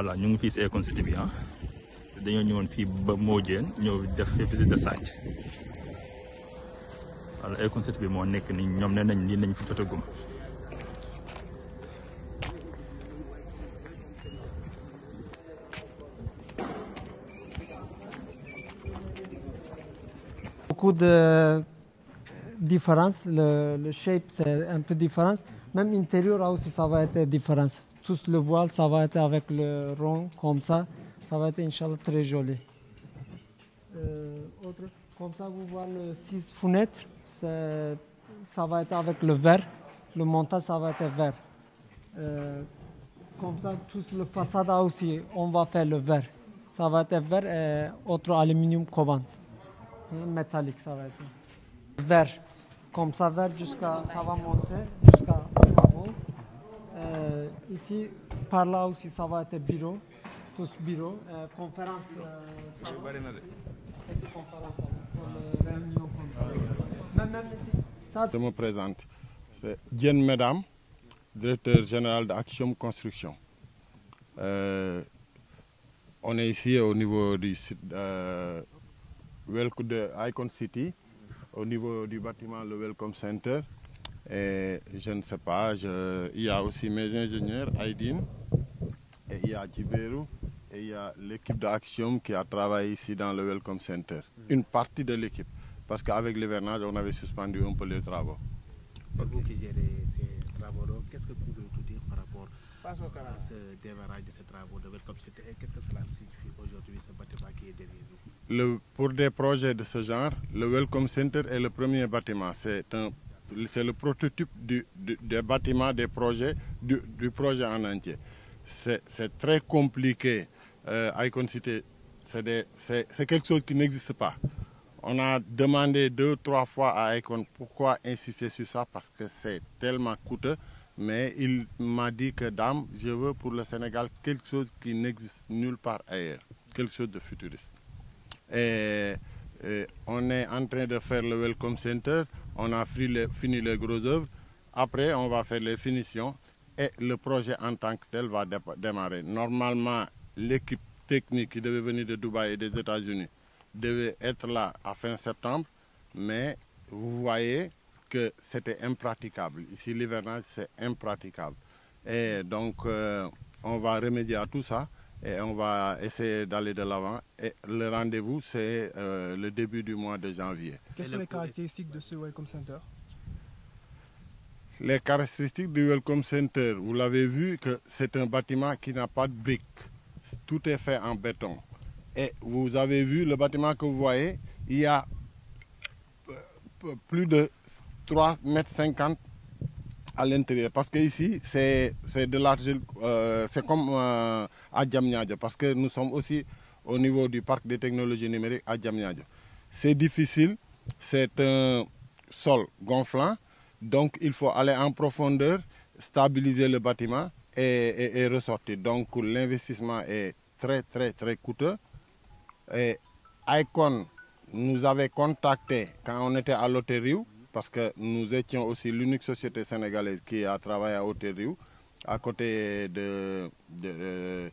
voilà ñu ngi fii si Akon City bi ah dañoo ñëwoon fii ba Modiane ñëw def visite de Sadji voilà bi moo nekk ni ñoom nee nañ lii nañu fi jot a gum beaucoup de le, le shape c'est un peu différence même tous le voile, ça va avec le rond comme ça. Ça va très joli. Euh, autre, comme ça, vous le 6 fenêtres. Ça avec le vert. Le montage, ça va être vert. Euh, tous le façade aussi, on va faire le vert. Ça va être et autre aluminium cobalt. Euh, métallique, ça va être. Vert. Comme jusqu'à. monter Euh, ici, par là aussi, ça va être bureau, tous bureaux, euh, conférence, ça va conférence pour les réunions. Même, même ici. Ça, Je me présente. C'est Construction. on est ici niveau euh, de Icon City, au niveau du bâtiment, le Welcome Center. Et je ne sais pas, je, aussi mes ingénieurs, Aydin, et il y a Djiberu, et il y a l'équipe d'Axiom qui a travaillé ici dans le Welcome Center. Mm. Une partie de l'équipe, parce qu'avec l'hivernage, on avait suspendu un peu les travaux. par rapport à ce démarrage de ces de Welcome Center et qu'est-ce que Pour des projets de ce genre, le Welcome Center est le premier bâtiment. C'est un c'est le prototype du, du, des bâtiments, des projets, du, du projet en entier. C'est très compliqué. Euh, Icon City, c'est quelque chose qui n'existe pas. On a demandé deux, trois fois à Icon pourquoi insister sur ça, parce que c'est tellement coûteux. Mais il m'a dit que, dame, je veux pour le Sénégal quelque chose qui n'existe nulle part ailleurs, quelque chose de futuriste. Et euh, on est en train de faire le Welcome Center. On a fini les grosses œuvres. Après, on va faire les finitions et le projet en tant que tel va dé démarrer. Normalement, l'équipe technique qui devait venir de Dubaï et des États-Unis devait être là à fin septembre, mais vous voyez que c'était impraticable. Ici, l'hivernage, c'est impraticable. Et donc, euh, on va remédier à tout ça. et on va essayer d'aller de l'avant. Et le rendez-vous, c'est euh, le début du mois de janvier. Quelles sont les caractéristiques de ce Welcome Center Les caractéristiques du Welcome Center, vous l'avez vu que c'est un bâtiment qui n'a pas de briques. Tout est fait en béton. Et vous avez vu le bâtiment que vous voyez, il y a euh, plus de 3,50 mètres à l'intérieur. Parce que ici, c'est de l'argile, euh, c'est comme euh, à Djamnyadjo, parce que nous sommes aussi au niveau du parc des technologies numériques à Djamnyadjo. C'est difficile, c'est un sol gonflant, donc il faut aller en profondeur, stabiliser le bâtiment et, et, et ressortir. Donc l'investissement est très très très coûteux. Et Icon nous avait contacté quand on était à l'hôtel parce que nous étions aussi l'unique société sénégalaise qui a travaillé à Oterio, à côté de, de, euh,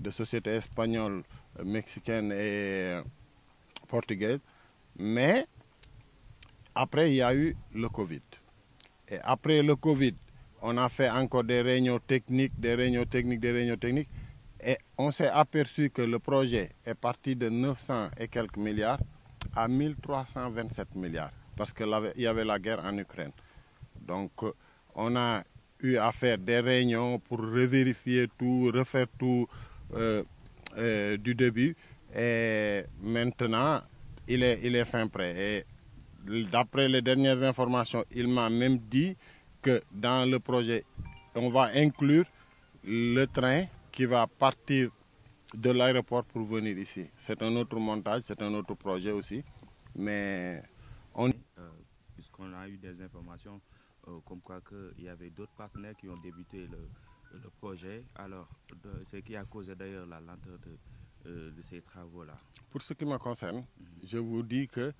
de sociétés espagnoles, mexicaines et portugaises. Mais après, il le Covid. Et après le Covid, on a fait encore des réunions techniques, des réunions techniques, des réunions techniques. Et on s'est aperçu que le projet est parti de 900 et quelques milliards à 1327 milliards. parce qu'il y avait la guerre en Ukraine. Donc, on a eu à faire des réunions pour revérifier tout, refaire tout euh, euh, du début. Et maintenant, il est, il est fin prêt. Et d'après les dernières informations, il m'a même dit que dans le projet, on va inclure le train qui va partir de l'aéroport pour venir ici. C'est un autre montage, c'est un autre projet aussi. Mais On... Euh, puisqu'on a eu des informations euh, comme quoi que y avait d'autres partenaires qui ont débuté le, projet. Alors, de, qui a causé d'ailleurs la lenteur euh, de, ces travaux-là. Pour ce qui me concerne, mhm. je vous dis que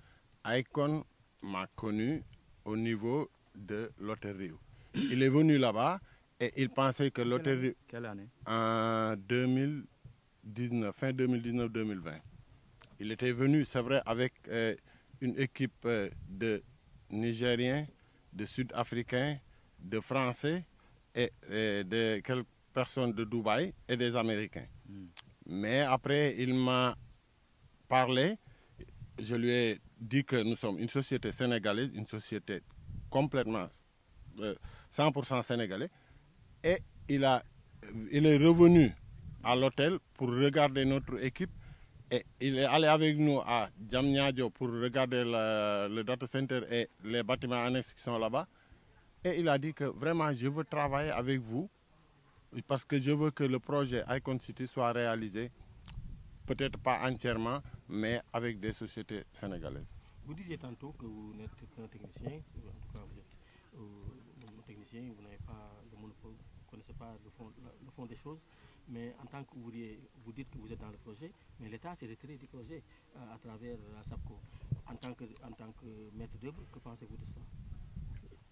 Icon m'a connu au niveau de l'Otterio. Il est venu là-bas et il pensait que l'Otterio... Quelle En 2019, fin 2019-2020. Il était venu, c'est vrai, avec... une équipe euh, de Nigériens, de Sud-Africains, de Français et, et, de quelques personnes de Dubaï et des Américains. Mm. Mais après, il m'a parlé, je lui ai dit que nous sommes une société sénégalaise, une société complètement euh, 100% sénégalais. Et il, a, il est revenu à l'hôtel pour regarder notre équipe Et il est allé avec nous à Djamniadio pour regarder le, le, data center et les bâtiments annexes qui sont là-bas. Et il a dit que vraiment, je veux travailler avec vous parce que je veux que le projet Icon City soit réalisé, peut-être pas entièrement, mais avec des sociétés sénégalaises. Vous disiez tantôt que vous n'êtes qu'un technicien, euh, n'avez pas le monopole, vous ne connaissez pas le fond des choses. mais en tant qu'ouvrier, vous dites que vous êtes dans le projet, mais l'État s'est retiré du projet euh, à travers la SAPCO. En tant que, en tant que maître d'œuvre, que pensez-vous de ça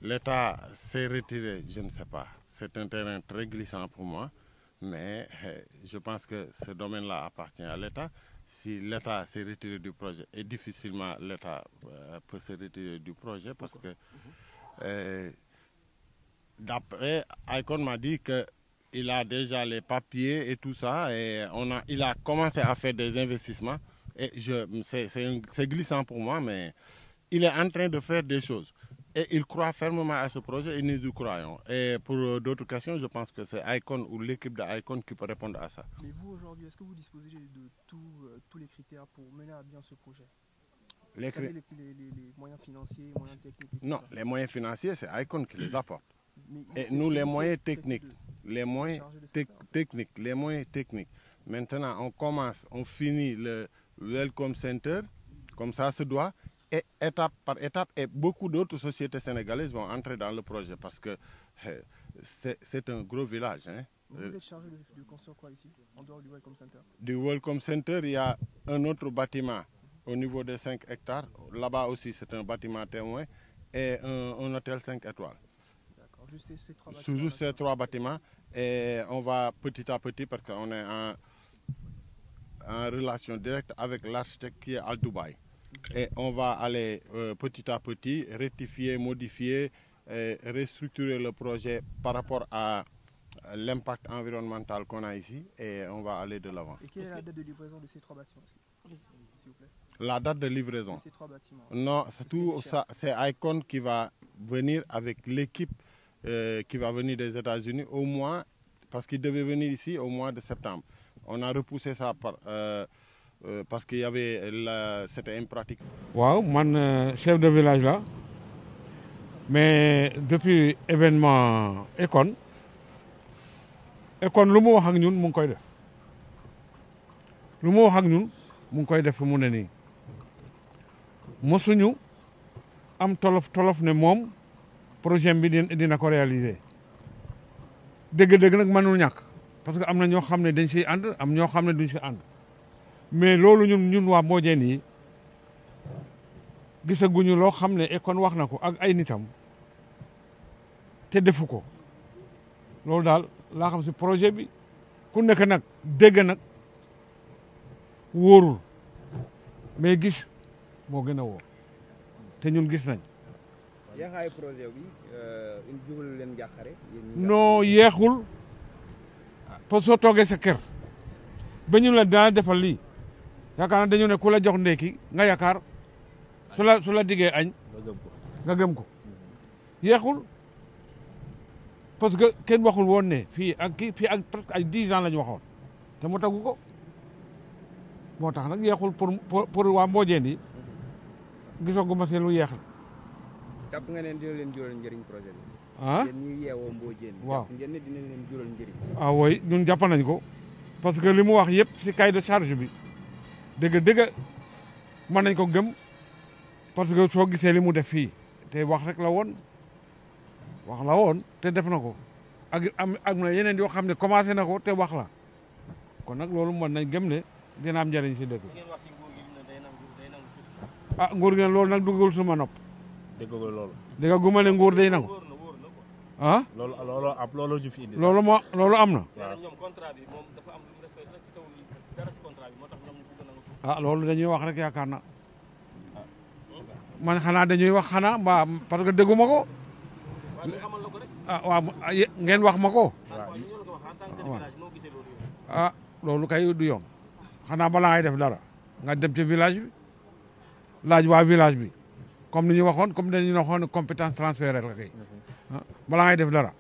L'État s'est retiré, je ne sais pas. C'est un terrain très glissant pour moi, mais euh, je pense que ce domaine-là appartient à l'État. Si l'État s'est retiré du projet, et difficilement l'État euh, peut se retirer du projet, parce Pourquoi que mhm. euh, d'après, Icon m'a dit que il a déjà les papiers et tout ça. Et a, il a commencé à faire des investissements. Et c'est glissant pour moi, mais il est en train de faire des choses. Et il croit fermement à ce projet et nous pour euh, d'autres questions, je pense que c'est Icon ou l'équipe d'Icon qui peut répondre à ça. Mais vous, aujourd'hui, est euh, les critères pour mener à bien ce projet les, vous savez, les, Non, les moyens financiers, c'est Icon qui les apporte. et nous, les moyens techniques. les moyens techniques, les moyens techniques. Maintenant, on commence, on finit le Welcome Center, comme ça se doit, et étape par étape, et beaucoup d'autres sociétés sénégalaises vont entrer dans le projet parce que euh, c'est un gros village. en dehors du Welcome Center Du Welcome Center, il y a un autre bâtiment au niveau des 5 hectares. Là-bas aussi, c'est un bâtiment témoin et un, un hôtel 5 juste ces on va petit à parce que est en, en relation directe avec l'architecte à Dubaï. Et on va aller euh, petit à petit rectifier, modifier, et restructurer le projet par rapport à l'impact environnemental qu'on a ici et on va aller de l'avant. la date de livraison de ces trois bâtiments, s'il vous Non, c'est Icon qui va venir avec l'équipe euh, qui va venir des États-Unis au mois, parce qu'il devait venir ici au mois de septembre. On a repoussé ça par, euh, euh, parce qu'il y avait la, c'était pratique Waaw man euh, chef de village là mais depuis événement Ekon Ekon lu mu wax ak ñun mu ngi koy def lu mu wax ak ñun mu ngi koy def mu ne nii mosuñu am tolof tolof ne moom. projet bi dina ko réaliser dëgg-dëgg nag mënul ñàkk parce que am na ñoo xam ne dañ si ànd am ñoo xam ne duñ si ànd mais loolu ñun ñun waa Mbodiène yi gisaguñu loo xam ne Akon wax na ko ak ay nitam te defu ko loolu daal laa xam si projet bi ku nekk nag dégg nag wóorul mais gis moo gën a wóor te ñun gis nañ yeexaayu projet bi euh, jublu leen njàqare. non yeexul parce que soo toogee sa kër ba ñu la daan defal lii yaakaar naa dañu ne ku la jox ndéki nga yaakaar su la su diggee añ. nga gëm ko yeexul parce que kenn waxul woon ne fii ak kii fii ak presque ay dix ans la ñu waxoon te mu tagu ko moo tax nag yeexul pour pour waa Mbodiène yi mm-hmm. gisoo gu ma seen lu jàpp nga leen jural njëriñ projet bi. ah yéen ñiy waaw jàpp ngeen ne dina leen jural njëriñ. Ah, jàpp nañ ko parce que li mu wax yëpp si cahier de charge bi dëgg dëgg mën nañ ko gëm parce que soo gisee li mu def fii te wax rek la woon wax la woon te def na ko ak am am na yeneen yoo xam ne commencé na ko te wax la kon nag loolu mën nañ gëm ne dina am njëriñ si dëkk. ah nguur gi loolu nag duggul suma nopp. déggoo loolu. dégg gu ma ne nguur day nangu. ah. loolu loolu ab loolu ñu fi am na. ah loolu dañuy wax rek yaakaar na ah. man xanaa dañuy wax xanaa mbaa parce que déggu ma ko. Ah ngeen wax ma ko. Ah, ah loolu kay du yoon. xanaa balaa ngay def dara nga dem ci village bi laaj waa village bi. comme ni ñu waxoon comme dañu waxoon compétence transférée la kay balaa ngay def dara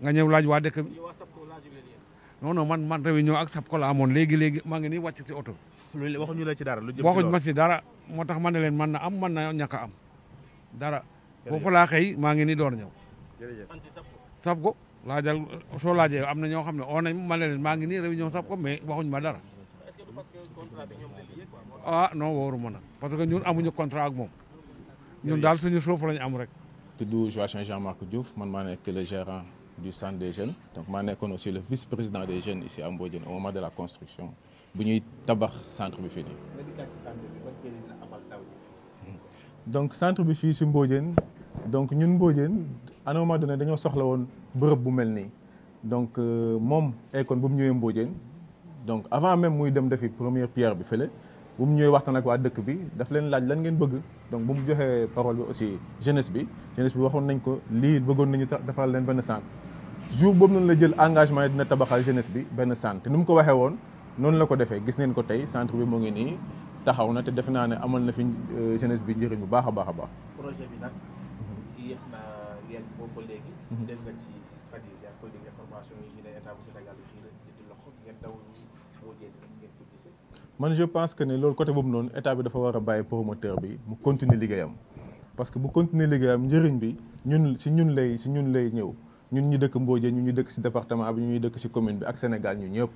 nga ñëw laaj waa dëkk bi non non man man réunion ak SAPCO la amoon léegi léegi maa ngi nii wàcc si oto bi. waxuñu la ci dara lu jëm ma si dara moo tax man ne leen man na am man na ñàkk am dara. foofu maa ngi nii door ñëw. jërëjëf SAPCO laajal soo laajee am na ñoo xam ne oo nañ ma ne leen maa ngi nii réunion SAPCO mais waxuñu ma dara. ah non wóoruma nag parce que ñun amuñu contrat ak moom. ñun daal suñu suuf lañu am rek. tudd Joachim Jean-Marc Diouf man maa nekk le gérant du centre des jeunes donc maa nekkoon aussi le vice président des jeunes ici à Mbodiène au moment de la construction bu ñuy tabax centre bi fii nii. donc centre bi fii si Mbodiène donc ñun Mbodiène à un moment dañoo soxla woon bërëb bu mel nii donc euh, moom Akon bu mu ñëwee Mbodiène donc avant même muy dem defi première pierre bi fële. bu mu ñëwee waxtaan ak waa dëkk bi daf leen laaj lan ngeen bëgg donc bu mu joxee parole bi aussi jeunesse bi jeunesse bi waxoon nañ ko lii bëggoon nañu defal leen benn centre jour boobu noonu la jël engagement yi dina tabaxal jeunesse bi benn centre te ni mu ko waxee woon noonu la ko defee gis neen ko tey centre bi mu ngi nii taxaw na te defe naa ne amal na fi euh, jeunesse bi njëriñ bu baax a baax a baax. projet bi nag mhm. yéex boobu ba léegi. Mhm. def nga ci fan yii information yi ñu ne état man je pense que ne loolu côté boobu noonu état bi dafa war a bàyyi promoteur bi mu continuer liggéeyam parce que bu continuer liggéeyam njëriñ bi ñun si ñun lay si ñun lay ñëw ñun ñu dëkk Mbodié ñun ñu dëkk si département bi ñu dëkk si commune bi ak Sénégal ñu ñëpp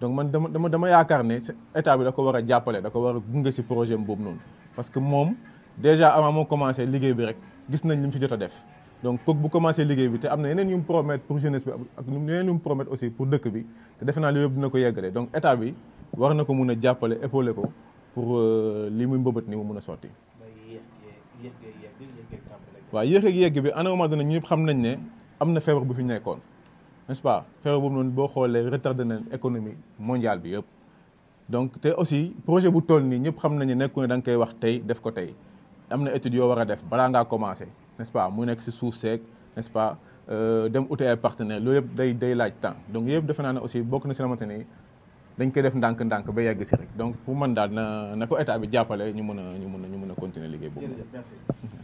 donc man dama dama dama yaakaar ne état bi da ko a jàppale da a gunge si projet boobu noonu parce que moom déjà avant moo commencé liggéey bi rek gis nañ li mu fi jot a def donc kooku bu commencé liggéey bi te am na yeneen yu mu promettre pour jeunesse bi ak yeneen yu mu aussi pour dëkk bi te defe naa loolu yëpp dina ko yeggale donc état bi war na ko mun a jàppale épaulé ko pour euh, li muy mbëbët ni mu mun a sotti. waaw yéex ak yegg bi ana moment donné ñëpp xam nañ ne am na feebar bu fi nekkoon n'est-ce pas feebar boobu noonu boo xoolee retardé na économie mondiale donc te aussi projet bu toll nii ñëpp xam nañ ne nekku ne da nga koy wax tey def ko tey am na étude yoo war a def balaa ngaa commencé n'est-ce pas mu nekk si suuf seeg n'est-ce euh, dem uti ay partenaires loolu yëpp day day laaj temps donc yëpp defe naa ne aussi bokk na si xamante ni dañ koy def ndànk-ndànk ba yegg si rek donc pour man daal na na ko état bi jàppale ñu mën a ñu mun a ñu mën a continuer liggéey boobu.